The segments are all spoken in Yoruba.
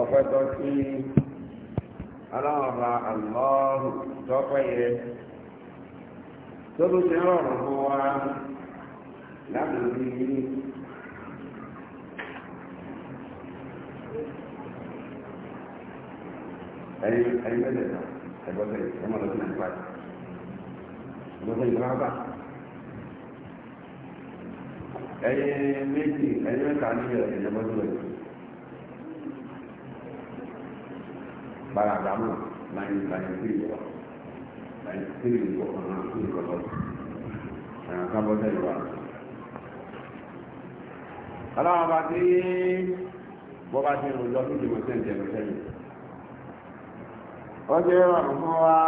ọpẹ́ tó sí aláwọ̀ra àlọ́rù tọ́pẹ́ yẹ tó ló ti rọrùn fún wa láti rí rí ẹ̀yìn ẹ̀yìn mẹ́lẹ̀ ẹ̀gbọ́sẹ̀ ẹ̀mọ́lọ́sẹ̀ ìgbà ìgbọ́sẹ̀ ìgbà ẹ̀yẹ méjì ẹ̀yẹ mẹ́ta ní ẹ̀yẹ mọ́tò ẹ̀ baragamu náà náà ti yọ náà ti yọ ọ̀nà tó yọ lọ ẹ̀yàn kábọ́tẹ̀ yọ wa. aláwọ̀ bá ti bọ́ba ti rò lọ fíjì mọ́tẹ́ ń tẹ̀lé sẹ́yìn. ó ti rọrùn fún wa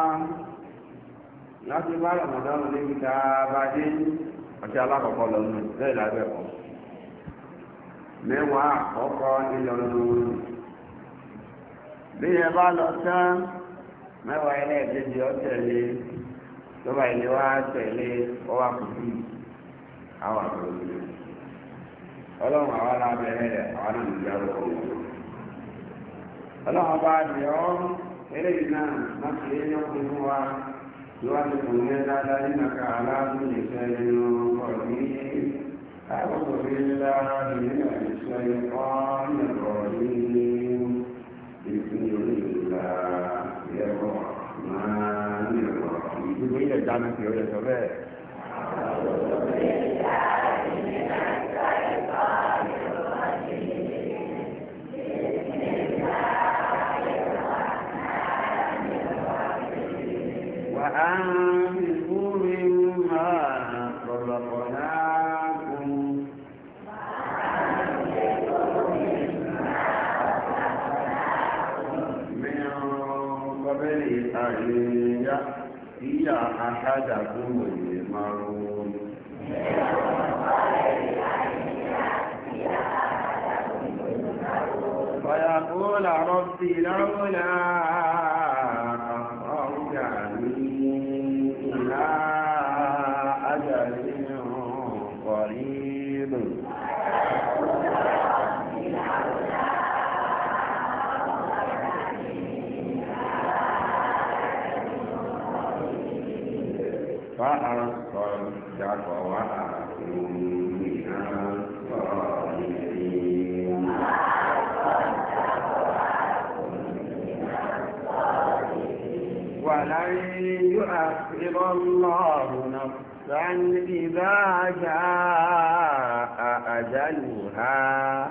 láti bá rọ̀mọ̀dọ́rùn níbi tá a bá dé. ọtí alákọ̀ọ́kọ́ lọ nù bẹ́ẹ̀ lábẹ́ mẹ́wàá àkọ́kọ́ bí ẹ bá lọ tán mẹ́wàá ilé ìdíje ọ̀tẹ̀lé lọ́ba ilé wa tẹ̀lé ọwọ́ àkùkù àwọn àkùkù ọlọ́run àwọn alábẹ́rẹ́ rẹ̀ àwọn náà nìyá lọ́wọ́ ọlọ́run bá di ọ́ eléyìí náà wọ́n ti lé ọkùnrin wa. يوالي كنيدا لأنك على كل شيء قدير أعوذ بالله من الشيطان الرجيم بسم الله الرحمن الرحيم. لن يؤخر الله نفسا إذا جاء أجلها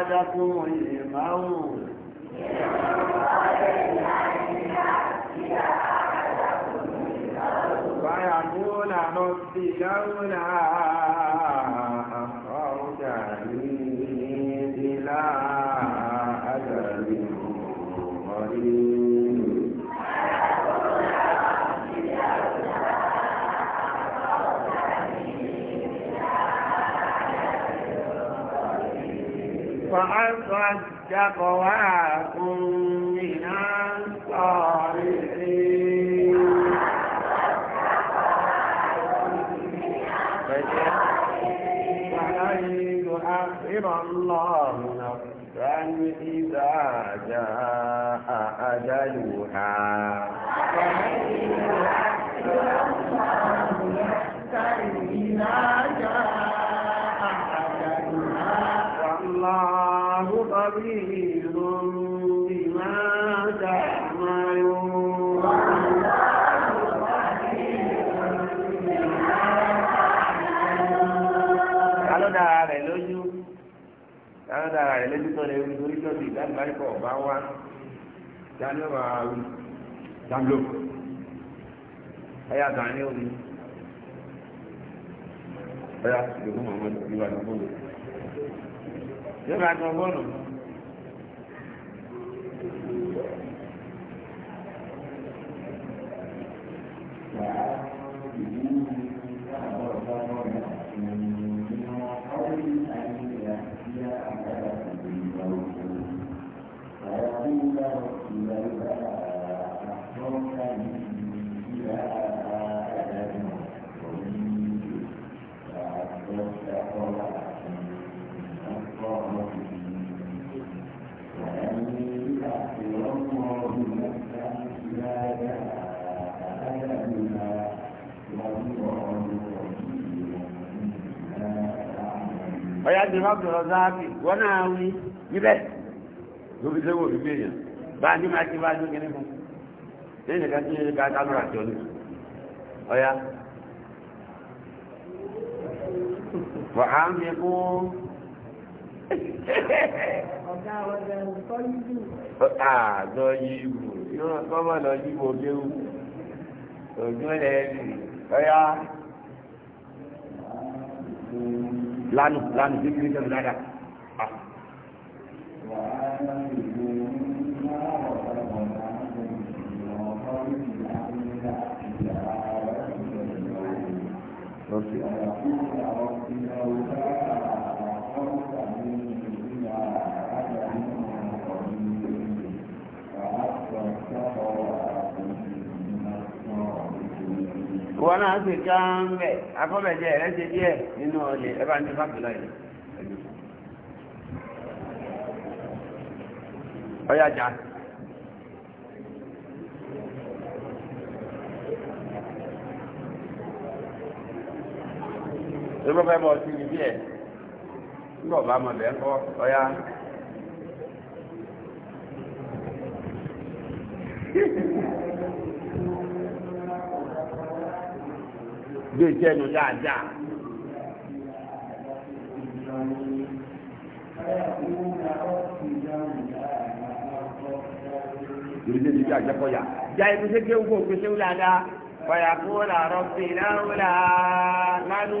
وعدكم فأصدق تقواكم من الصالحين فلن يؤخر الله نفسا إذا جاء أجلها فلن يؤخر الله نفسا إذا جاء màláìkà ọ̀bá wá daniel ahawu daniel ẹ̀yà daniel ni ẹ̀yà ìdòwú mọ̀mọ́ ìwà ìdòwú yóò máa gbọ́ bọ́ọ̀lù. Thank ọ̀yá ti rọ́bìnrin ọ̀záàbì wọ́n náà rí níbẹ̀ lórí sẹ́wọ̀ ìgbé èèyàn bá ní máa kí bá ní kíní fún ní ìdíkà tí ní ìdíkà kámẹ́rà tí ó ní ọ̀yá فعامقوا àjọ yìíbò yóò kọ́mọ̀ lọ yíbò léwu òjò lẹ́ẹ̀lì ọ̀yá lánù lánù bí kiri sẹ́nu dáadáa. Okay. wọn náà ṣe ká ń bẹ akọ́bẹ̀jẹ rẹ ṣe díẹ̀ nínú ọlẹ̀ ẹ bá ní fàkìlá yìí ọyá jà sí. ebí ọba ẹbọ ọtí ni bí ẹ nígbà ọba ọmọ bẹ́ẹ̀ kọ ọyá. gbé jẹnu dáadáa. Ìrìnlẹ̀ ìdíjọ́ yà. Ìjà kò wúlò àdá. kúrò làárọ̀ sí wúlò àá lánú.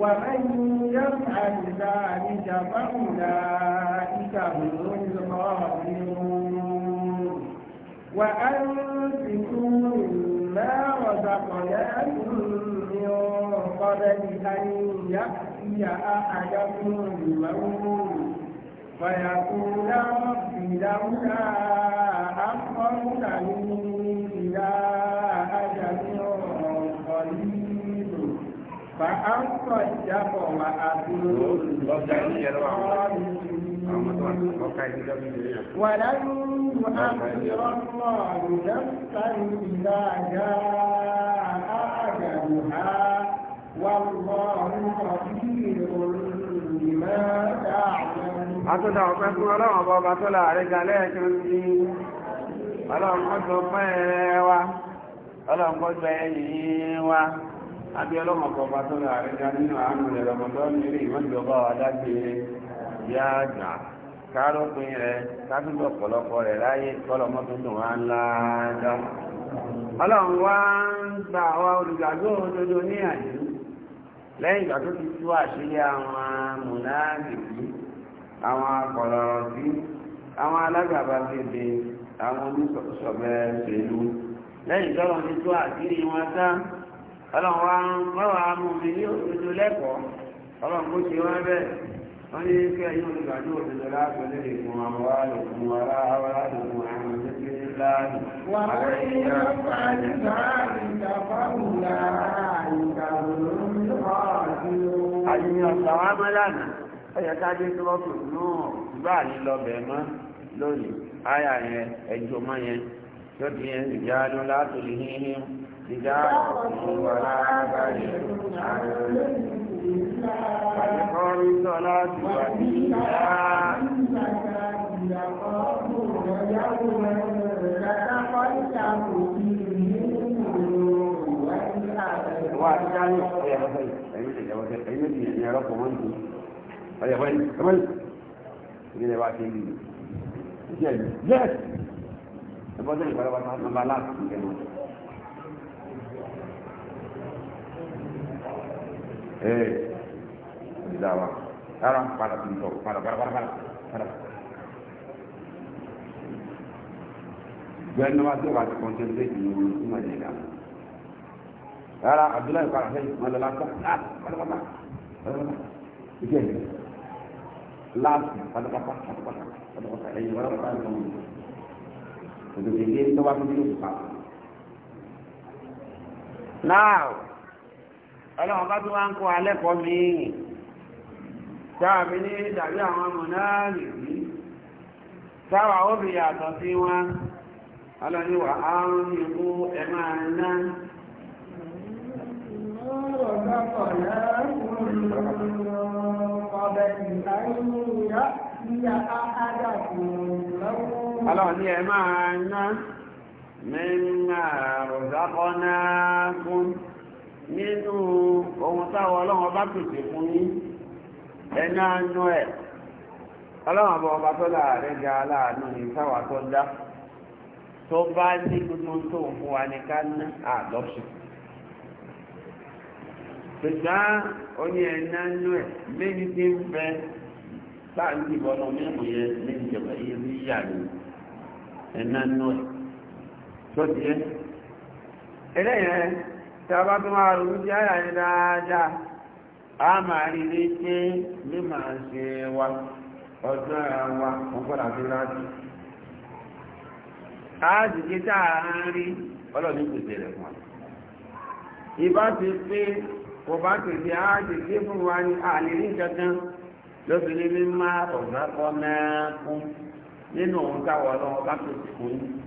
ومن يفعل ذلك فأولئك هم الخاسرون وأنفقوا مما رزقناكم من قبل أن يأتي أحدكم الموت فيقول رب لولا أخرتني إلى fàáńtọ̀ ìjábọ̀ wà ولن أخبر الله نفسا إذا جاء أجلها والله خبير بما تعملون. أتدعى أقسم الله أبو بطل عليك عليك ọlọ́run kọ́ tó pẹ́ wa ọlọ́run kọ́ tó àbí ọlọ́mọkọ̀ bá tó rà rẹ̀ já nínú àánú rẹ̀ lọ́mọdọ́ nílé ìmọ̀jọba adágbére yá àgbà kárọ́pin rẹ̀ kábílù ọ̀pọ̀lọpọ̀ rẹ̀ láyé kọ́lọ́mọ́ tó dùn wá ńlá dá. ọlọ́run wá ń gba àwa olùgbàgbọ́ òdodo ní àyè lẹ́yìn ìgbà tó ti tú àṣírí àwọn mùnáàbìkì àwọn akọ̀lọ̀rọ̀sí àwọn alágàbàgbègbè àwọn oníṣọ̀bẹ̀ ṣèlú lẹ́yìn tọ́lọ́ ti tú àṣírí wọn tán ọlọ́run wa ń mọ́wàá amúmi ní òdodo lẹ́kọ̀ọ́ ọlọ́run kó ṣe wọ́n bẹ́ẹ̀ wọ́n ní kí ẹ̀yin olùgbàdo òdodo láàbọ̀ lórí ìfún àwọn alòkùn ara àwọn alòkùn àwọn tẹ́tẹ́ láàyè. wà rí ọgbà nígbà nígbà fáwùlà ìgbà lórí ọ̀ọ́dún. àyìnbó ọ̀sán wa mọ́ lánàá ọ̀yẹ́ ká dé sọ́kù náà ìgbà lílọ bẹ̀ mọ́ lónìí áyà yẹn ẹjọ́ mọ́ yẹn tó ti yẹn ìjà lọ́lá تجارة ولا بيع عن فلقام الصلاة والزكاة يوم تتقلب فيه القلوب والأبدان Yes. Ẹgbọ́n tó lè pàdé wá sáà nàbà láti ìgbẹ̀rún. ee ìdáwà rárá padà tó ń tọ̀ padà padà padà padà. gbẹ́ni wá sí ọ̀gá ti kọ́ńtẹ́ ní ìlú ìlú ìmọ̀ ìlú ìlú rárá abdullahi padà sẹ́yìn wọn lọ lásán láti padà padà padà ìjẹ́ láti padà padà padà padà padà ẹ̀yìn wọn lọ́wọ́ padà lọ́wọ́ òdòdó ilé tó wá fún mi lóṣù pa. now ọlọ́run bá tún wá ń kọ́ alẹ́kọ̀ọ́ mìíràn sáàbí ní dàbí àwọn mọ̀náàrì rí sáwà ó fi yàtọ̀ sí wọn ọlọ́ni wà á ń ikú ẹ máa ná ọlọ́ni ẹ máa ná mímọ̀ rọ̀zákọ́ náà kún nínú ohun táwọn ọlọ́run bá pèsè fún yín ẹ̀nà anú ẹ̀ ọlọ́run ọba ọba tó láàrẹ ga aláàánú ní sáwà tó dá tó bá ní gbogbo tó ń fún wa ní ká ní àlọ́sùn pèsè oní ẹ̀nà anú ẹ̀ méjì tí ń bẹ táàbí ìbọnà mímu yẹ méjì jọba yẹ ní yíyà ni ẹ̀nà anú ẹ̀ tó di ẹ tàbá tó máa rú jẹ́ àyà ní dáadáa a máa rí rí pé ní máa ṣe wa ọjọ́ wa wọ́n padà sí láti a sì ké tá a ń rí ọlọ́ọ̀ni pèsè rẹ̀ fún wa ìbá ti pé kò bá pèsè a sì ké fún wa ní àlèrí kankan lóbìnrin mímá ọ̀gá kọ́ náà fún nínú òun táwọn ọlọ́wọ́ bá pèsè fún yìí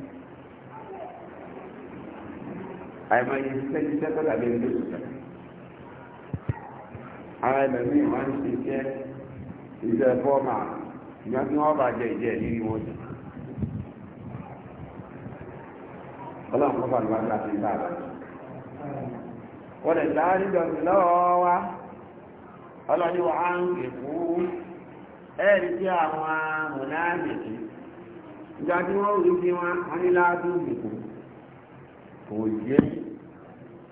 àìmọ̀ yìí ṣe iṣẹ́ tó dàbí ẹni tó ṣe ara ẹlẹ́mí wọn ṣe iṣẹ́ iṣẹ́ fọ́ọ̀mà ìyọ́n tí wọ́n bá jẹ ìjẹ́ ìrírí wọn jù ọlọ́run kọ́ fàlùwà ní àti ìta àbá wọ́n lè dá níbi lọ́wọ́ wa ọlọ́ni wa á ń pè fún ẹ̀rí tí àwọn mọ̀láàmìtì ìjọ tí wọ́n rí sí wọn ní kò yé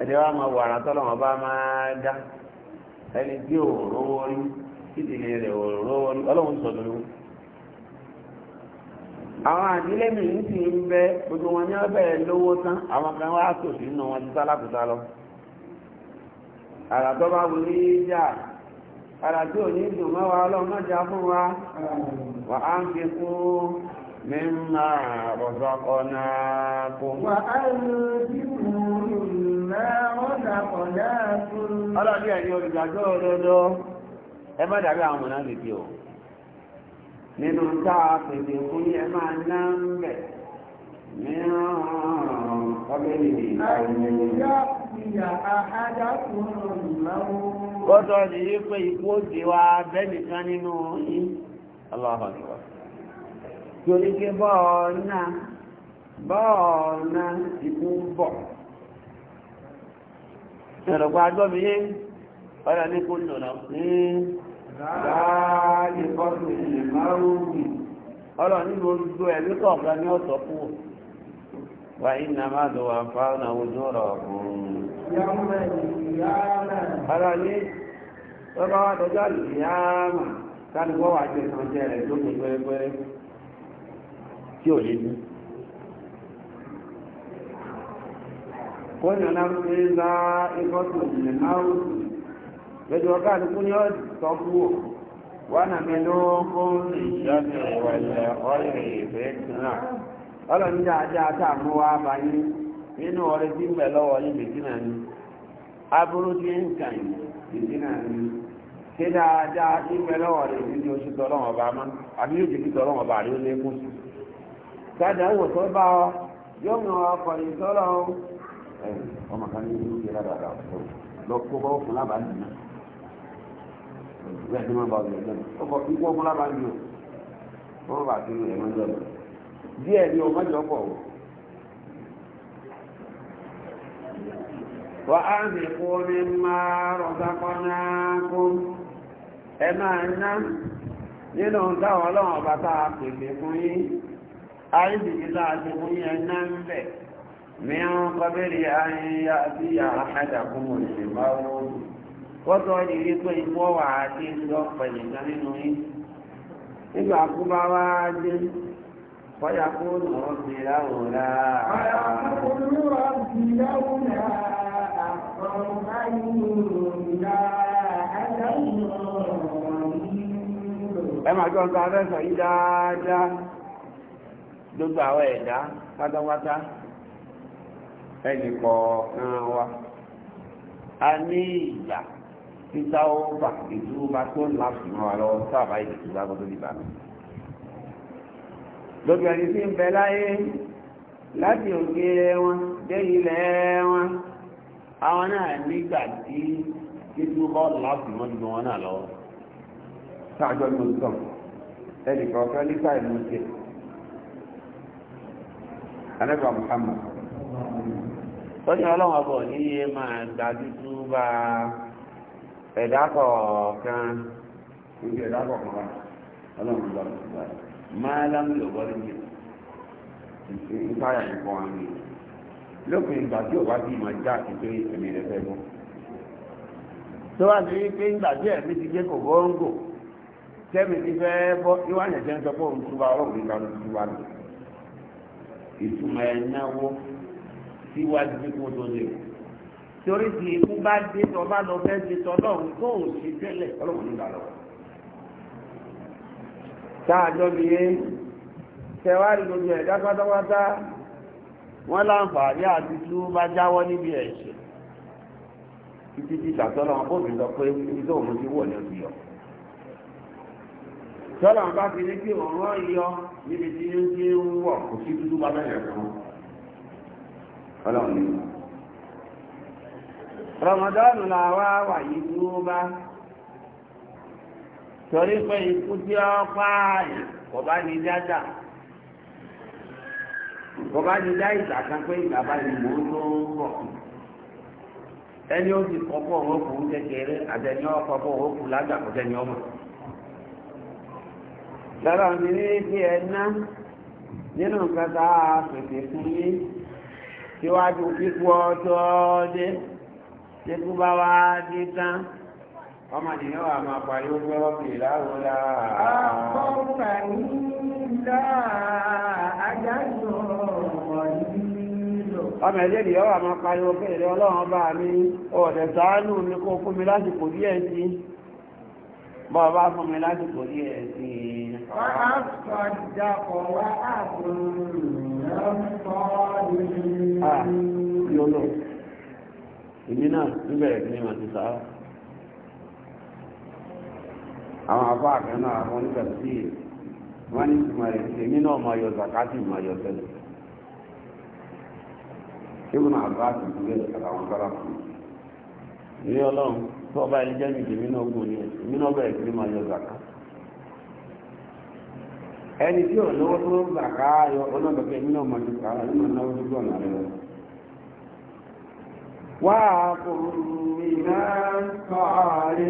ẹni wá máa wàrà tọ́lọ́wọ́n bá máa dá ẹni tí ò rówó rí rẹ̀ ò rówó rí ọlọ́run àwọn àdílé mi ń sì ń bẹ gbogbo wọn ní ọbẹ̀ lówó tán àwọn kan wá si nínú wọn ti lọ. àrà bá wuli jà ò ní dùn mọ́ fún wa wà á ń fi kú. مما ọlọ́dí ẹ̀yìn olùgbàjọ́ òdodo ẹ má dàbí àwọn ọ̀nà lè bí o nínú táà pèsè fún yẹ máa ná ń bẹ̀ mìíràn ni yí pé ikú wa nínú kí bọ́ọ̀ náà, bọ́ọ̀ náà ikú bọ̀. ẹ̀rọ̀gbà agbọ́mi yé ọ̀rẹ́ ní kó lò ní márùn-ún ọ̀rọ̀ nínú olùgbò kọ̀ọ̀kan ní wà ní kóyọ̀ náà ń pè lá ikọ́tù ìlẹ̀ márùn lójú ọgá àdúgbò ní nà mí ló fún ọ̀rẹ́ ìfẹ́ a mú nínú ọ̀rẹ́ tí ń lọ́wọ́ ni aburú ń ni ṣé dáadáa tí ń lọ́wọ́ rẹ̀ ní oṣù bá mọ́ àbí yóò jẹ́ kí bá rí ó ọmọ kan ní ìlú yẹn lára lọ kó bọ́ fún lábàá nìyí ìwé ẹ̀dínwó bá ọ̀gbìn ẹ̀dínwó ọkọ̀ ikú ọkọ̀ lábàá nìyí o wọ́n bá kiri ẹ̀mọ́ jọ lọ díẹ̀ ni ọmọ jọ pọ̀ o. wà á sì kú ní máa rọ̀sákọ́ náà kú ẹ máa ná nínú táwọn ọlọ́run ọba tá a pèsè fún yín àìsìkí tá a ti fún yín ẹ ná ń bẹ̀. من قبل أن يأتي أحدكم الموت kọ́tọ́ ni wípé ìfọ́ wà á dé lọ́pọ̀ nìkan nínú yín nígbà kú bá ẹ máa gbọ́ afẹ́fẹ́ dáadáa gbogbo àwọn ẹ̀dá pátápátá. ẹnì kọ̀ọ̀kan wa a ní ìgbà títa ó bà ìtura tó ń láti mọ́ wa lọ́wọ́ sábà ìdìtúbà gbọ́dọ̀ ìbànú lóbi ẹni tí ń bẹ láyé láti òkè wọn dé ilẹ̀ wọn àwọn náà nígbà tí títú bọ́ láti mọ́ ju wọn náà lọ sáájọ́ ní oṣù tán ẹnì kọ̀ọ̀kan nígbà ìmúṣẹ. Alẹ́ bá Muhammad tọ́jú ọlọ́run ọbọ̀ ní iye máa gbà dúdú bá ẹ̀dá kọ̀ọ̀kan ibi ẹ̀dá kọ̀ọ̀kan bá ọlọ́run lọ máa lámì lọ́gbọ́n ní ìpáyà nìkan wà ní lópin ìgbà tí ò bá bí ìmọ̀ já àti pé ẹ̀mí rẹ̀ fẹ́ bọ́. tó wá sí pé ìgbà tí ẹ̀mí ti gbé kò gbóńgò tẹ́mi ti fẹ́ bọ́ níwájú ẹ̀jẹ̀ ń sọ pé túbà ọlọ́run síwájú bí kò tó lè torí ti ikú bá dé tó bá lọ fẹ́ ṣe tọ́ lọ́run tó ò sí tẹ́lẹ̀ ọlọ́run nígbà lọ. táàjọ mi yé tẹwárí gbogbo ẹ̀dá pátápátá wọ́n láǹfààní àti tí ó bá jáwọ́ níbi ẹ̀ṣẹ̀ títí tí ìṣàtọ́lọ́ wọn bóbi lọ pé ibi tó òun ti wọ̀ ní oṣù yọ. tọ́lọ̀ bá fi ní kí òun rán iyọ níbi tí ó ń wọ̀ kò sí dúdú bá bẹ̀rẹ̀ fún un. ọlọ́run ní rọmọdọ́nù la wá wà yìí dúró bá torí pé ikú tí ó pààyàn kò bá ní dájà kò bá ní dá ìgbà pé ìgbà bá ní tó ń bọ̀ ẹni ó ti kọ́kọ́ síwájú kíkú ọjọ́ dé kíkú bá wá dé tán ọmọ nìyàn wà máa parí ó gbọ́ bìí láwùlá. àkọ́kọ́ nílá ajájú ọmọ ẹ̀jẹ̀ nìyàn wà máa parí ó bẹ̀rẹ̀ ọlọ́run bá mi ọ̀dẹ̀ ṣàánú mi kó fún mi lásìkò díẹ̀ sí bọ́ọ̀ bá fún mi lásìkò díẹ̀ sí Ah, yọ́lọ̀ èmi náà ń bẹ̀rẹ̀ ní ma ti sáà àwọn afọ́ àkànnà àwọn onígbàtí wọ́n ní ìtumọ̀ rẹ̀ èmi náà ma yọ zakati ma yọ tẹ́lẹ̀ ibùn àbá ti dúró àtàwọn bára fún mi ní ọlọ́run tó ọba ẹni jẹ́ mi èmi náà gùn ní èmi náà bẹ̀rẹ̀ ní ma yọ zakati ẹni tí ò tó ń gbà káàyọ ọlọ́dọ̀kẹ́ nínú ọmọ ju ara nínú náwó tó gbọ̀nà rẹ̀ lọ. wá àkùnrinà sọ̀rọ̀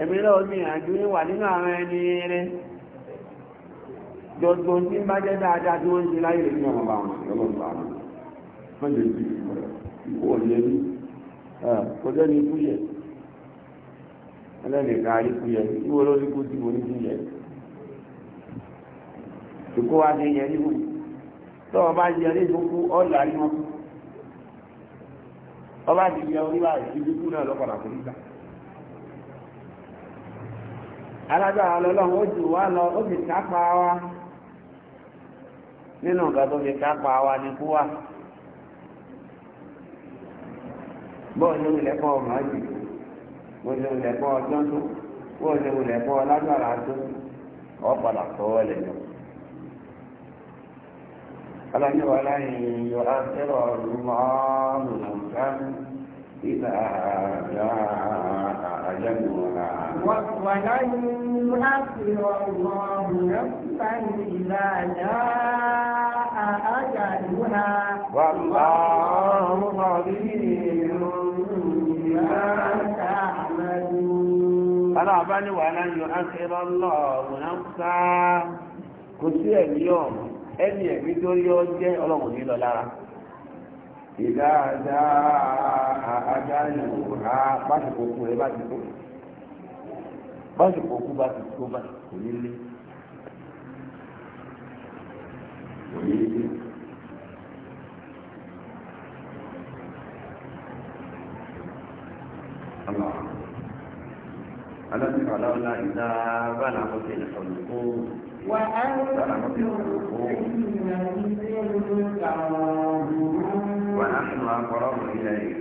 ẹ̀mí náà ní àjò níwà nínú àwọn ẹni rẹ̀ tí bá jẹ́ dáadáa tí wọ́n ń ṣe láyé ọmọ ní ìkó wa lè yẹrí wù o bá yẹrí ìdókú ọ̀là rí wọn ọba ti yẹ orí báyìí náà lọ́kọ̀ọ̀lá kò ní alágbára lọ́lọ́run ó jù wá lọ ó sì kápá wa nínú nǹkan tó fi kápá wa ní kú wa bọ́ọ̀lù ìlẹ́kọ̀ọ́ ọmọ ọ̀jì bọ́ọ̀lù ìlẹ́kọ̀ọ́ ọjọ́ tó bọ́ọ̀lù ìlẹ́kọ̀ọ́ lágbára tó ọ̀padà sọ́wọ́ ọlọ́ni wà láyìn yọ ápẹ́rọ̀ ọ̀rùn ọ̀rùn إذا جاء أجلها ولن يؤخر الله نفسا إذا جاء أجلها والله خبير بما تعملون أنا أبني ولن يؤخر الله نفسا كسر اليوم ẹni ẹ̀mí tó rí ọ jẹ́ ọlọ́run ní lọ lára ìdá àdá àdá ìlú ha básìkò kú rẹ básìkò básìkò kú básìkò básìkò nílé onílé. Allah. Allah ta kala wala idza bala qatil khulqu ونحن أقرب إليه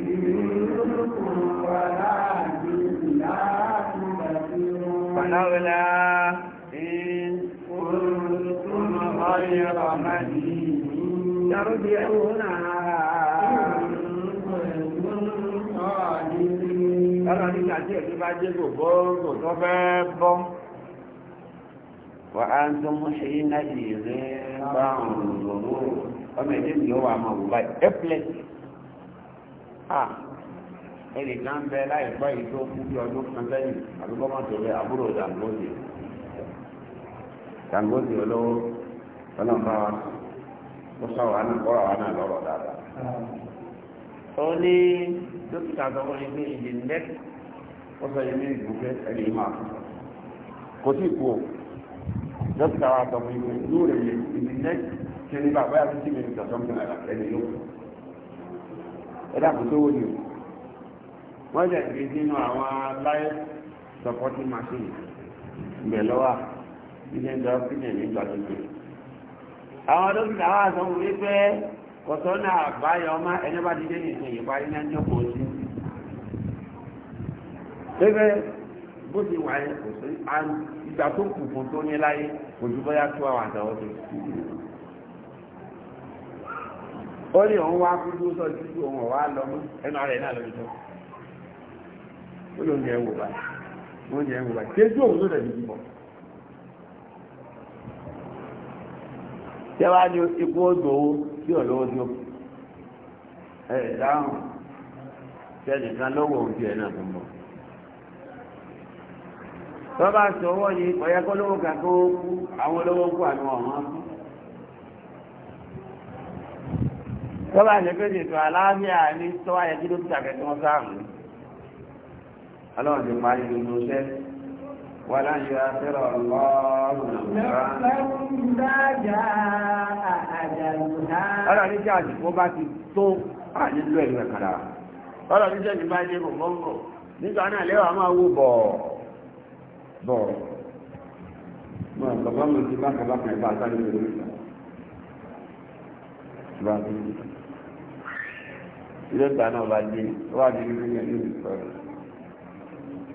فلولا إن كنتم غير مدينين ترجعونها Ọlọ́run ní ìdájẹ́ ìdíbájé gbogbo tó fẹ́ bọ́. وأنتم حينئذ تنظرون ọmọ ẹ̀dẹ́ mi yóò wà máa wò báyìí ẹ́pẹ́lẹ́t ah ẹnì kan bẹ láìpẹ́ yìí tó kú bí ọdún kan sẹ́yìn àdúgbò máa tó bẹ àbúrò Dangote Dangote olówó ọlọ́mọba wa ó sọ wà ní kọ́ra wa náà lọ́rọ̀ dáadáa. ó ní dókítà tó wọlé ní ìdí ndẹ́k ó sọ yẹn ní ìgbùgbé ẹni máa kò tí ì kú o dókítà wa sọ fún mi lóòrè yẹ ibi next twenty five bóyá fifty minutes or something like that ẹni yóò ẹ dàbí sówó ni o wọ́n jẹ́ ìgbé nínú àwọn life supporting machine ìgbẹ̀ lọ́wọ́ ilé ẹjọ́ pínlẹ̀ nígbà tó gbé àwọn dókítà wà sọ wọ́n wípé kọ̀tọ́nà àbáyọ ọmọ ẹni bá dídé nìkan ìparí náà ní ọkọ̀ sí pépé bó ti wà ẹ̀ kò sí àrùn ìgbà tó kù fún tó ní láyé kò ju bóyá tó àwọn àtàwọn tó kù. ó ní òun wá kú tó sọ títí òun lọ mọ́ ẹnu ara ẹ̀ náà lọ́dún tó. ó lóun jẹ́ ń wò báyìí wọ́n jẹ́ ń wò báyìí òun ní ikú odò owó tí tó bá sọ ọwọ́ ni ọ̀yẹ́ kó lówó kàkó kú àwọn olówó kú wọn tó bá ṣe pé ètò àlàáfíà ní tó ayẹ kí dókítà kẹtọ wọn sáàmù ọlọ́run ti parí gbogbo iṣẹ́ wà láyé afẹ́rọ̀ ọlọ́run ọlọ́run ní kí bá ti tó ọlọ́run ní bá bọ̀ mọ̀ bàbá mi ti bákan bákan ẹ̀ bá a sáré lórí ìta ìgbà tó ń ta ilé ìgbà náà bá dé wá di nínú yẹn ní ìsọ̀rọ̀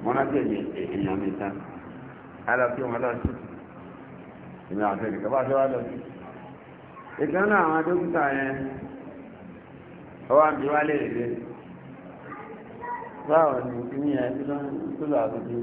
mọ́nàtẹ̀ ní èèyàn mi tán aláfíà wọn lọ sí ìmọ̀ àtẹ̀lẹ̀ kọ́ bá fẹ́ wá lọ sí ìkan náà àwọn dókítà yẹn ọwọ́ àbí wálé èdè báwo ni kí ni ẹ tó lọ àbújá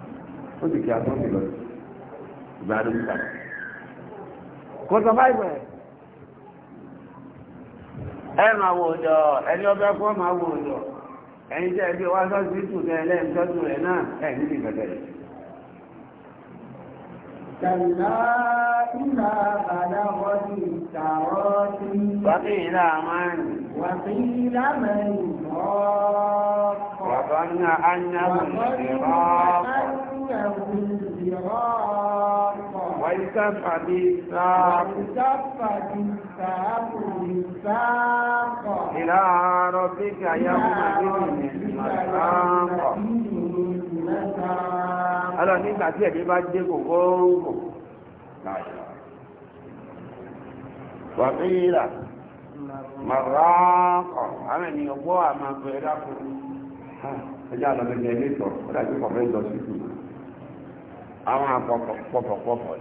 ó sì kí atọ́ sí lọ ìgbà ló ń gbà báyìí bẹ̀rẹ̀ ẹ máa wò ọjọ́ ẹni ọbẹ̀ kọ́ máa wò ọjọ́ ẹni tẹ́ ẹbí wá sọ́sì tù tẹ́ ẹlẹ́yìn náà Kàlá ìlà sí. ìlà ìlà mẹ́rin mọ́. وَالْتَفَّتِ السَّاقُ إِلَى رَبِّكَ يَوْمَئِذٍ الْمَسَاقُ Ọlọ́ nígbà tí ẹ̀dẹ́ bá dé kò góòrò láàrín. Wàfíìlà, màráàkọ̀, àwọn ènìyàn gbọ́ àmà pẹ̀lú àkùnrin. Ẹjá lọ bẹ̀rẹ̀ ilé ìtọ̀, ó dájú sí ìlú àwọn àpọ̀pọ̀pọ̀pọ̀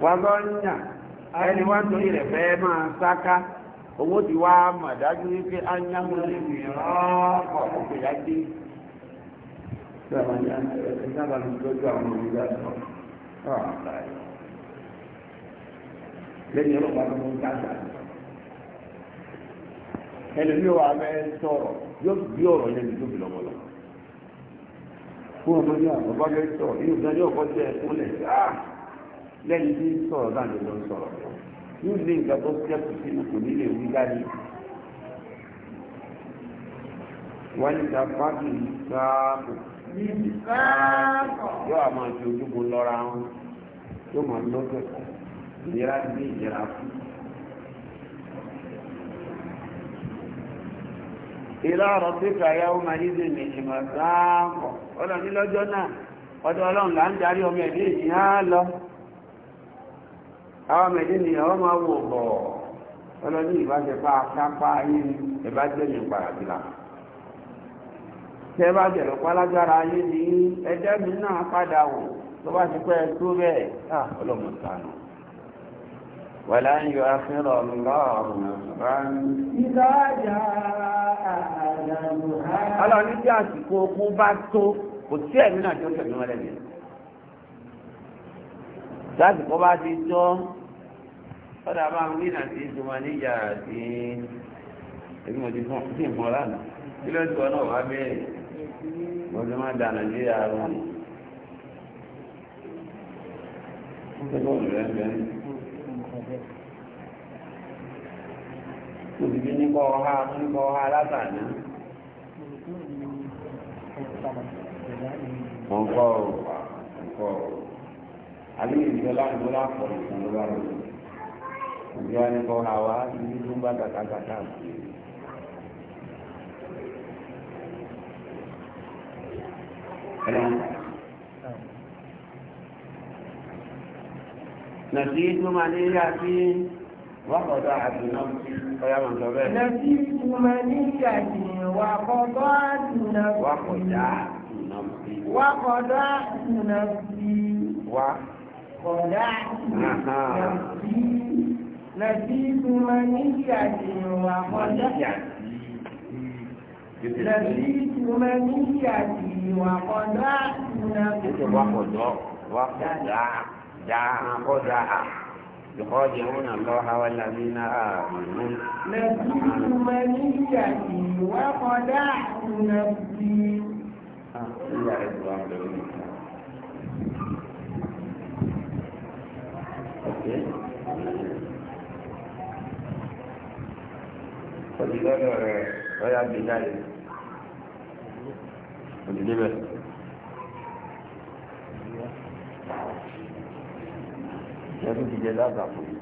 dà wà lọ yíyà ẹni wá tó ilẹ̀ fẹ́ máa sáká owó ti wá mà dájú wípé á ń yá wọn lè fi rọ́ọ̀pọ̀ òkè dájú lẹ́yìn ọlọ́pàá tó ń dáadáa ẹlòmíwàá bẹ́ẹ̀ sọ̀rọ̀ yóò bí ọ̀rọ̀ yẹn ní tóbi lọ́wọ́lọ́wọ́ fún ọmọ ní àbọ̀bá lẹ́tọ̀ ní ìdájọ́ ọkọ̀ jẹ́ ẹ̀kúnlẹ̀ lẹ́yìn tí sọ̀rọ̀ náà lè lọ sọ̀rọ̀ ní ilé ìgbà tó kẹ́kù sínú kò nílé wí dání wọ́n ní ká fábì sáàpù yóò àmọ́ ti ojúgun lọ́ra wọn yóò máa lọ́kẹ̀kọ̀ ìlera ní ìlera fún ìlọ́rọ̀ pípa ya máa ní ìdèmì ìmọ̀ sáàpọ̀ ọlọ́ni lọ́jọ́ náà ọdún ọlọ́run là ń darí ọmọ ẹ̀dẹ́ ìdí á lọ àwọn ọmọ ni ọwọ́ ma wò bọ̀ ìbájẹ̀pá ni ní ولا يؤخر الله نفسا إذا جاء أجلها Ọlọ́run ní tí àsìkò ogun bá tó kò sí ẹ̀mí náà tí ó tẹ̀lé wọn lẹ́yìn lásìkò bá ti tó ọ̀dà bá ń wí náà sí ìtumọ̀ fún sí ìfún lánàá kí ló ń náà wá bẹ́ẹ̀ mo ti máa dà nàìjíríà rún. òbíbí nípa ọha nípa ọha látàná. wọ́n kọ́ ọ̀rọ̀ wà wọ́n kọ́ ọ̀rọ̀ àlejò ìjọba ìjọba pọ̀ ìtàn ló bá rẹ̀ ìjọba nípa ọha wa ibi tó ń bá gàtàgàtà sí Nàìjíríà tó máa ní ilé àti Wàkọ̀dọ̀ àti ọ̀yá màá sọ bẹ́ẹ̀. Nàbí ìtumọ̀ ní ìyàtì wàkọ̀dọ̀ àtúnà. Wàkọ̀dọ̀ àtúnà. Wàkọ̀dọ̀ àtúnà sí. Wà. Kọ̀dọ̀ àtúnà sí. Nàbí ìtumọ̀ ní ìyàtì wàkọ̀dọ̀. Nàbí ìtumọ̀ ní ìyàtì wàkọ̀dọ̀ àtúnà sí. يخادعون الله والذين آمنوا نسيت منيتي وخدعت نفسي Olùdílọ́dọ̀ rẹ̀ lọ́yà gbé jáde. Olùdílọ́dọ̀ ẹ̀rù ti jẹ láàbà fún mi.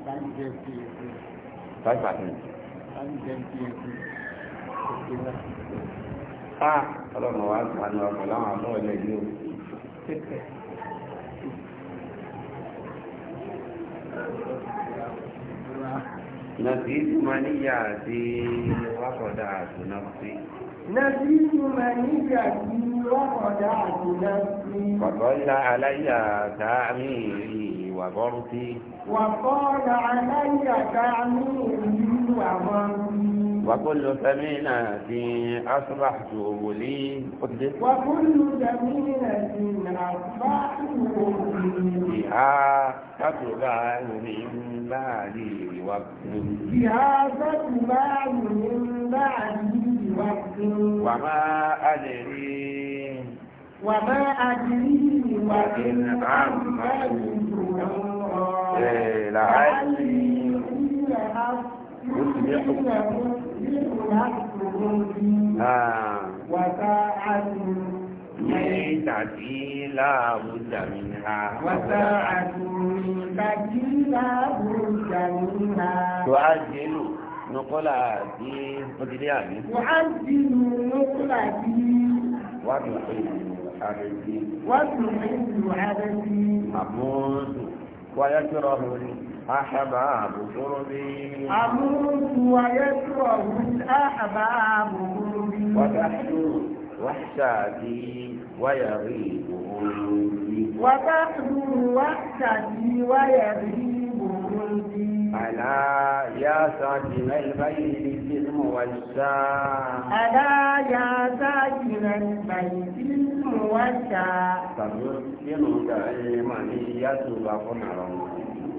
five percent. a ọlọ́run wa sànù ọkọ̀ láwọn àbọ̀ ẹ̀lẹ́ yìí o. Nàbíyí Màníyà àti Wákọ̀dá àtúná sí. نبي منيتي وقد عدلت قد ضل علي تعميري وغربي وقال علي تعميمي وغربي وكل ثمينتي أصبحت أولي وكل ثمينتي أصبحت أولي بها تتباع من بعدي وقت بها تتباع من بعدي وقت وما أدري وما أدري وإن عمل لعلي يصبح وساعة التي لا بد منها وساعة التي لا بد منها تعجل نقل دين وعجل نقل دين وتحل àrètí. wọ́n tún ní ìlú àrètí. àmúdù wáyájúrọ̀ ọ̀hún àṣàbà àbùkúrú bí. àmúdù wáyájúrọ̀ ọ̀hún àṣàbà àbùkúrú bí. wàtàṣù wàṣàdì wáyàrí ìbòrò bí. wàtàṣù wàṣàdì wáyàrí ìbòrò bí. ألا يا ساكن البيت الاسم والشاء ألا يا ساكن البيت الاسم والشاء ستسكنك المنية وقمر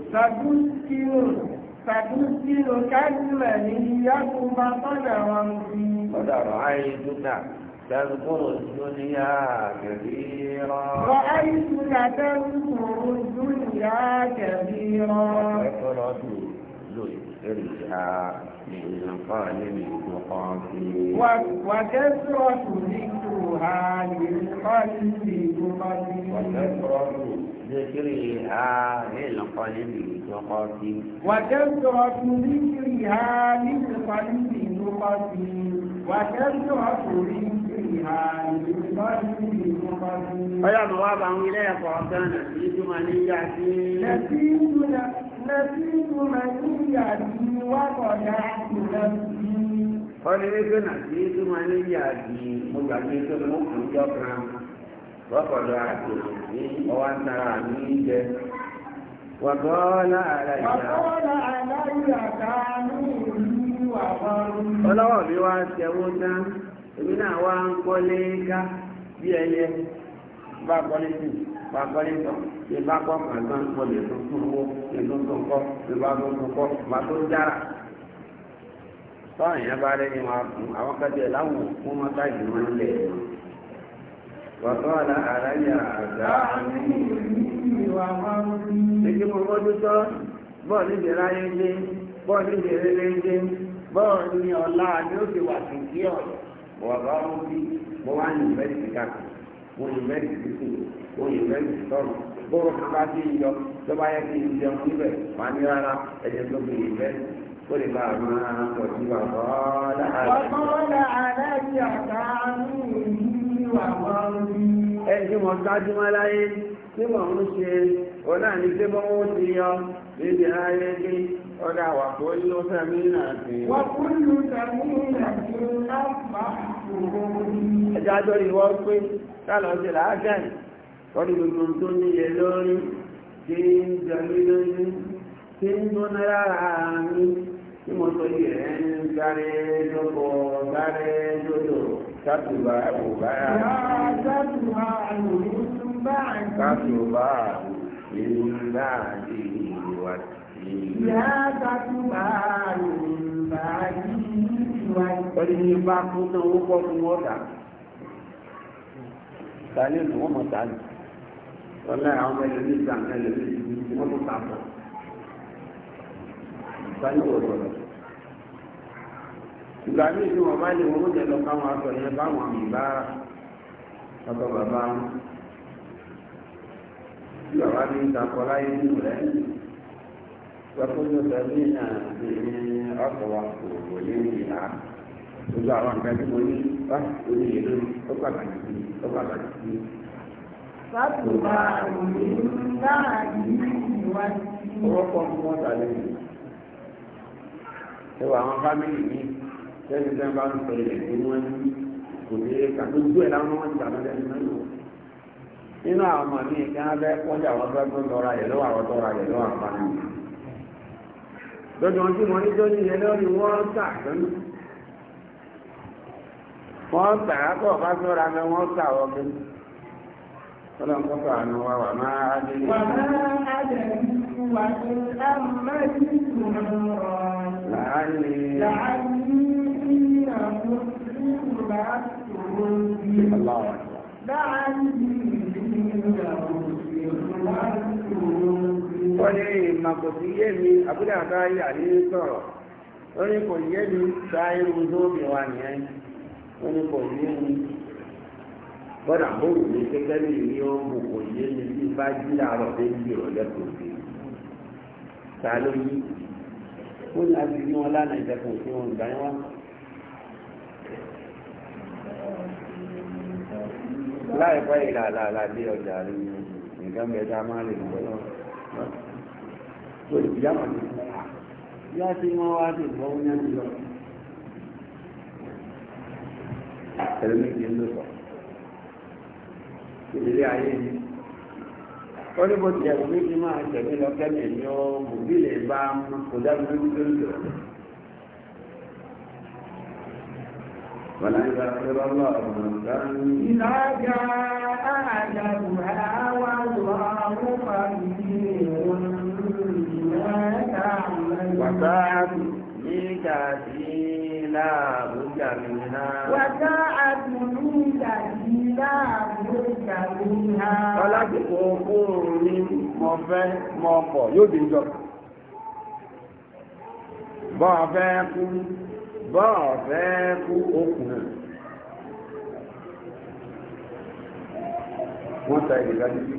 ستسكنك ستسكنك المنية وقمر قد رأيتك تذكر الدنيا كثيرا رأيتك تذكر الدنيا كثيرا كثرة ذكرها للقلب تقاتل وكثرة ذكرها للقلب تقاتل وكثرة ذكرها للقلب تقاتل وكثرة ذكرها للقلب تقاتل وكثرة ذكرها Ọyá mọ̀ wá bá ń ilé ẹ̀kọ́ ọ̀gánà ní ìjúmọ̀ ní ìyá sí. Lẹ́tí ìjúmọ̀ ní ìyá sí wákọ̀ dá ìjúmọ̀ sí. Ọdí ní Gbẹ́nà sí ìjúmọ̀ ní ìyá sí mo gbàgbé tó ní mo kàn jọ kan. Wọ́pọ̀ lọ àti ní ọwá ń tara àmì ìjẹ wá ń kọ́lé ká bí ẹyẹ bá kọ́lé sí bá kọ́lé tọ̀ ṣe bá kọ́ àgbà ń kọ́lé tó tún wọ́ ṣe tó tún kọ́ ṣe bá tó tún kọ́ bá tó dára. tọ́yìn yẹn bá rẹ́ni wọn fún àwọn kájọ ẹ̀ láwọn fún wọn táyì wọn lẹ̀ wàtọ́ àlá àráyà àgbà. Èké mo mọ́jú tọ́ bọ́ọ̀lù ìdèrà yẹn dé bọ́ọ̀lù ìdèrè lé dé bọ́ọ̀lù ni ọ̀la ni ó ti wà sí kí ọ̀rọ̀ ọ̀gá ọ̀hún bí mo wá ní ìrẹsì káàkiri mo ní ìrẹsì dídùn mo ní ìrẹsì sọ̀rọ̀ bóró kan bá ti ń yọ tó bá yẹ kí n jẹun níbẹ̀ wà ní rárá ẹ̀jẹ̀ tó fi ìrẹsì kó lè bá àwọn ọ̀sìn wà bọ́ọ̀lá àlẹ́. bọ́ọ̀lá àlẹ́ yìí àánú ìlú wà ọ̀nà ní ike bọ́ wọ́n ti yọ níbi ayé bí ọ̀dà wà fún yóò sẹ́mi náà sí. wọ́n fún ìlú sẹ́mi náà sí lápá ẹjọ́ àjọ ìwọ́ pé kálọ̀ sí làágàn lórí gbogbo tó níye lórí lára mi mo tó yẹ sátùbà yàrá sátùbà sátùbà e بعده وكيلا يا تطمع من بعده وكيلا bá kú náà ó kọ́ fún ọ́dà tàlẹ́ nù wọ́n mọ̀ tàlẹ́ wọ́lá àwọn tí bàbá mi ń takọ láyé nínú rẹ̀ lọ́kọ́jọ́ tẹ̀lé náà ní ọ̀pọ̀ wa kò wò ní ìlà gbogbo àwọn nǹkan tí mo ní bá oníyè lórí ó pàtàkì sí ó pàtàkì sí. Fátùmá òní náà yìí ìwádìí. Owó pọ̀ fún wọn tàlẹ́ yìí. Ẹ wọ àwọn fámìlì mi sẹ́ni sẹ́ni bá ń sọ ilẹ̀ tí wọ́n ń kò ní ẹ̀ka gbogbo ẹ̀ láwọn ọmọ ìgbà lọ́dẹ̀ nínú ìwọ̀n. nínú àwọn ọmọ mi kí wọ́n fẹ́ kọjá fẹ́ tó tọra yẹ lọ́wọ́ àwọn tọra yẹ lọ́wọ́ àwọn lójú wọn tí mo ní tó ní lórí wọ́n wọ́n kọ́ bá wọ́n wọ́n àánú wa wà máa adé. wà wọ́n ní ìmàkò sí yé mi àbúlé àbáyé àríyé sọ̀rọ̀ ó ní kò yé mi sáyé mu tó bí wa nìyẹn ó ní kò yé mi bọ́dà bó wù mí gẹ́gẹ́ bí ìyé ó mú kò yé mi bí bá jí àárọ̀ tó bí ìrọ̀lẹ́ kò sí ta ló yí ó ní àti ní wọn lánàá ìjẹkùn sí wọn ìgbà láìpẹ́ ìlàlàlà dé ọjà rí nǹkan bẹ̀ẹ́ tá máa lè lọ lọ. tó lè wọn ti bí a ti máa wá sí ìfọwọ́ ní ẹni lọ. ẹ̀rọ ń lò sọ. ìdílé ayé ni ó ní bó ti ẹ̀rọ méjì máa tẹ̀lé lọ kẹ́mi ní ó bá kò dábìlì lórí lórí lọ. ولئن أخر الله إذا جاء أجلها والله قدير بما تعمل وساعة ميكاتي لا بد منها وساعة ميكاتي لا بد منها ولكن أقول mo fẹ́ mọ́ ọkọ̀ yóò dé jọ bọ́ ọ fẹ́ kú bọ́ọ̀ fẹ́ kú okùn náà wọ́n ta ìdìgbà títí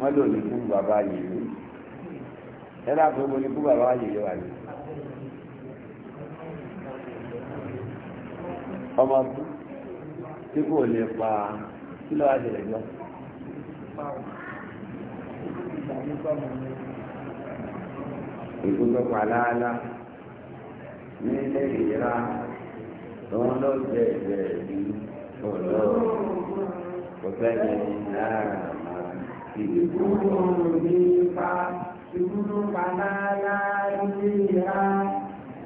wọ́n lò ní fún bàbá yìí ẹ dáàbò mo ní fún bàbá yìí wà ní. ọmọ bú tí kò lè pa kí ló wá ṣẹlẹ̀ gbọ́. ìkúndọ̀pọ̀ ní ìlera tó ń lọ jẹ ìjẹ ìlú ọ̀lọ́ kò sẹ́ni náírà máa ti ìgbúrò nípa ìgbúrò pàdánà ìlera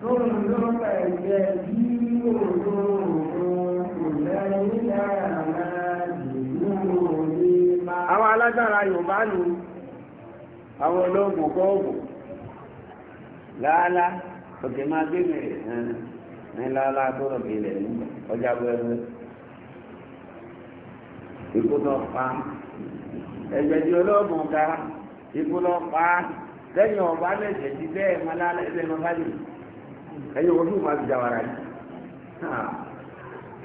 tó ń lọ ẹ̀jẹ̀ bí olóòrùn kò sẹ́ni náírà máa ti ìgbúrò nípa. àwọn alágbára Yorùbá lu àwọn olóògùn kọ́ọ̀gùn làálàá òkè máa gbé mi ní lálá tó rọ̀ bí ilẹ̀ nígbà ọjà bọ ikú lọ pa ẹgbẹ́ di olóòmù ikú lọ pa lẹ́yìn ọba lẹ́sẹ̀ ti bẹ́ẹ̀ máa lálẹ́ ẹgbẹ́ máa bá lè ẹ̀yìn ojú máa ti jàwàrà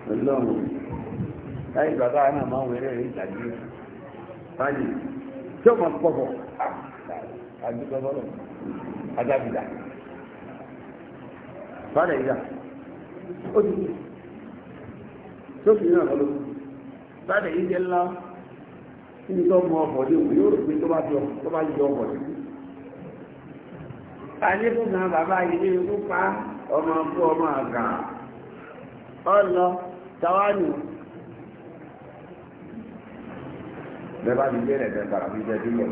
yìí ọlọ́run láyé bàbá náà máa ń wẹ̀rẹ̀ rẹ̀ ìtàgé báyìí tí ó máa pọ̀ bọ̀ àdúgbò bọ́lọ̀ adábìlà bàdà ìyá ó ti kú sófin náà lọ bàdà yìí jẹ ńlá níbi tó mọ ọkọ̀ ní òun yóò rò tó bá jọ tó bá yọ ọkọ̀ ní. Àní fún kan bàbá ilé ikú pa ọmọ fún ọmọ àgà ọlọ tawánù. Bẹ́ẹ̀ bá ti gbé rẹ̀ bẹ́ẹ̀ bàrà fi jẹ́ sílẹ̀.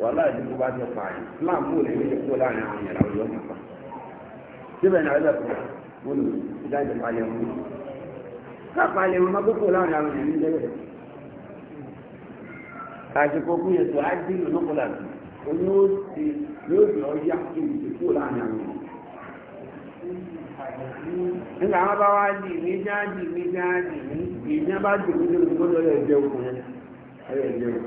wàhálà ìdílé bá ti pa àyè islam kò lè ní kó láàrin àwọn yàrá òyò ọmọ kan síbẹ̀ ní àyẹ̀lẹ̀ kan mo lò ìdá ìdè palẹ̀ wọn káàpá lè wọn mọ́tò kó láàrin àwọn yàrá ìdílé àsìkò kú yẹn tó á dín ní ọkọ̀ làbí oní ó ti yóò dùn ọ́ yá kí ìdè kó láàrin àwọn yàrá nígbà wọn bá wá dì mí jáde mí jáde mí ìyẹn bá dùn mí lórí gbọ́dọ̀ ẹ̀ jẹun kùn ẹ̀ ẹ̀ jẹun.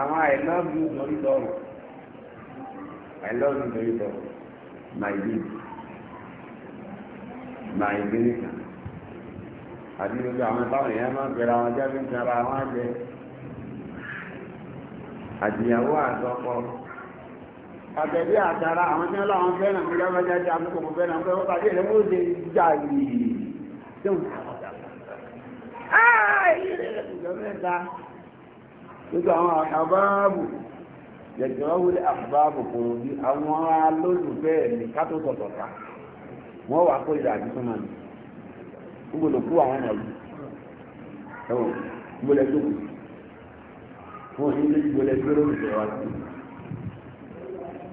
àwọn I love you dorí dọ̀rùn I love you dorí dọ̀rùn my baby my ya kan àti gbogbo àwọn táwọn èèyàn máa ń pẹ̀lú àwọn jáde ń tara àwọn àjẹ àtìyàwó àtọkọ àtẹ̀bí àtàrà àwọn tí wọ́n láwọn fẹ́ràn ní lábájá jẹ́ àmúkò kò fẹ́ràn pé wọ́n pàdé rẹ̀ ṣe jà yìí tó ń ta ọ̀dà. nígbà àwọn àbáàbù yẹ̀jọ́ wọlé àbáàbù kò rí àwọn alólùfẹ́ ẹ̀mí kátó tọ̀tọ̀ta wọ́n wà kó ìlà àti súnmọ́ ni gbogbo kú àwọn ọmọ yìí ẹ̀wọ̀n gbọ́dọ̀ tó kù fún òní ní gbọ́dọ̀ tó lórí ìfẹ́ wa sí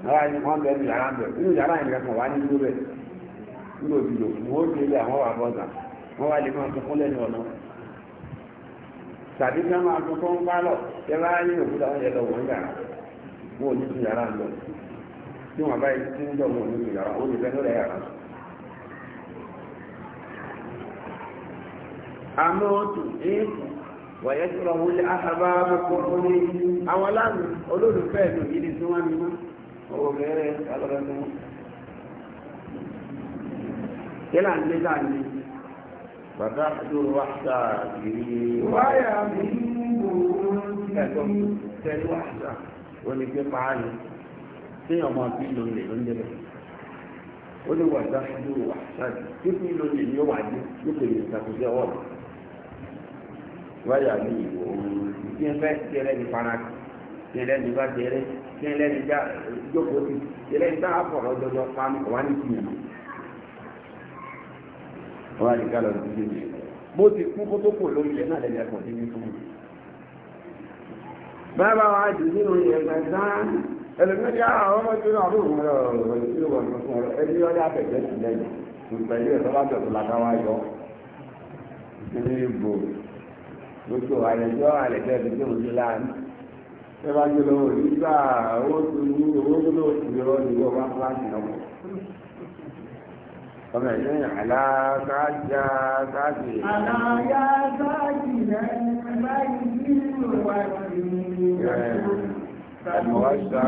ara ẹni wọn bẹ ní yàrá bẹ nínú yàrá yẹn kankan wà nínú bẹ nínú òbí lò wọn ó délé àwọn wà bọ́ta wọn wà lè máa tó kún lẹ́nu ọ̀nà. tàbí kí wọ́n máa tún fún pálọ̀ tí wọ́n á ní òkúta lọ wọ́n yàrá wọn ò ní tún yàrá lọ tí wọ́n bá ti ń lọ ní tún yàrá yàrá. àmọ́ wọ́n wọlé ní àwọn aláàmì olólùfẹ́ ìlú yìí ni tí wọ́n فتحجر وحدة ويمين تل وحدة wọ́n fi pàá ní tí ọmọ bí ló lè ló ń débẹ̀ ó lè wà dáṣúdú wà sáàdì tí bí ló lè ní ó wà dé ló pè ní ìtàkùnjẹ ọwọ́ mi wáyà mi ìwò òun tí ń fẹ́ tí ẹlẹ́ni fara tí ẹlẹ́ni bá tẹ̀lé tí ẹlẹ́ni já jókòó tí ẹlẹ́ni bá àpọ̀rọ̀ jọjọ pa wá ní tìyànjú wọ́n á ní ká lọ sí ibi bó ti kú kó tó kù lórí ilẹ̀ náà lẹ́nu ẹ̀kọ́ sí ní fún mi. bàbá wa jù nínú ìyẹ̀gbẹ̀ sáà ẹlòmídìí àwọn ah, ọmọ tó náà ló wọ́n lọ sí wọn fún ọ ẹni wọ́n dá bẹ̀jẹ̀ sí lẹ́yìn pẹ̀lú ẹ̀sọ́ bá bẹ̀rù làkàwá yọ ní ibò gbogbo àyẹ̀jọ́ àlẹ́jọ́ ẹ̀dùn tó ń lé láàánú ẹ bá gbé lọ́wọ́ nígbà owó tó ní ọmọ ìlú aláàkájá káàkiri. aláàyá káàkiri ẹni báyìí bí ìwà ìrìn àjò. báyìí bí ìwà ìjà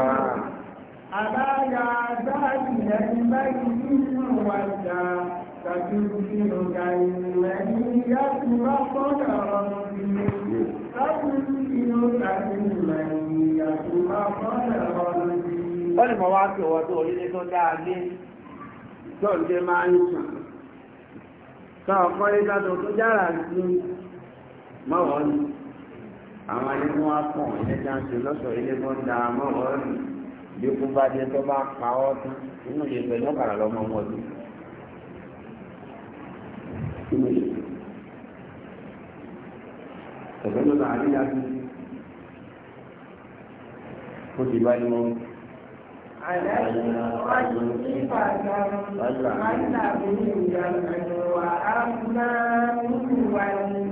tàbí bí ọ̀gá ìlú ẹni ọ̀rọ̀ ìlú. tàbí bí ọ̀gá tó orílẹ̀ tó dáa lé tọ́ọ̀dé máa ń sùn tọ́ ọkọ̀ ìdádọ̀ tó jára sí mọ́wọ́ ní àwọn ẹlẹ́mú apọ̀ ẹlẹ́jáǹsì lọ́sọ̀ ẹlẹ́mọ́ da mọ́wọ́ ní bí kú bá dé tó bá pa ọ́ tán inú yẹn pẹ̀lú ọ̀kàrà lọ́mọ wọn ni. ẹ̀fẹ́ ló ta àríyá sí ó ti bá ní wọn. عليه رجل فمن بني وأما بالولي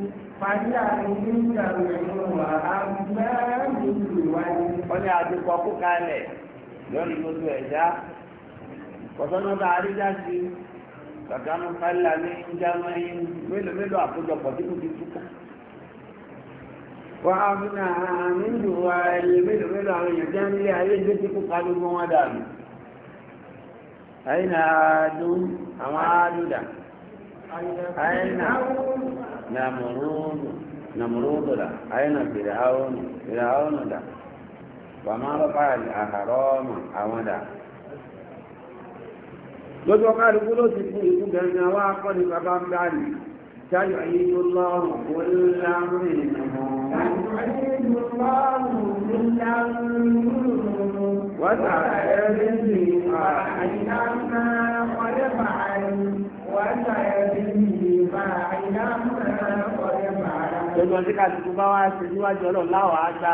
Wọ́n ní àdúgbò kú kalẹ̀ lórí gbogbo ẹ̀dá. Kọ̀sọ́nà bá àrídá sí kàkánú kálá ní ìjámọ́ yìí mélòó mélòó àkójọpọ̀ tí kò ti túkọ̀. wàhánà àmìndù wa ẹ̀yẹ mélòó àwọn èèyàn jẹ́ nílé ayé gbé tí kó kálú mọ́ wọn dànù àyínà àádùn àwọn àádùdà àyínà nàmùrúdùdà àyínà fìràáhùnù wà máa lọ bá àhàrọ́ọ̀mù àwọn dà lójú ọkọ̀ àdúgbò ló ti fún ìlú gẹ̀ẹ́gẹ́ wá kọ́ ni bàbá ń dá سيعيد الله كل منهم وسيجزيهم أحسن ما قد فعلوا وسيجزيهم أحسن ما قد فعلوا. Gbogbo ọdún ká ti kú bá wá ṣe níwájú ọlọ́run láwàá gbà.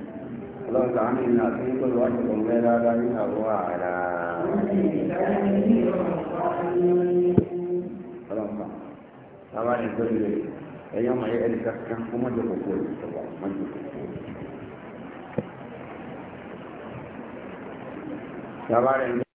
اللهم تعالى إن أعطيك الواجب غير بني أبو على اللهم تعالى الدنيا أيام هي اللي كان وما جبت كل ما جبت كل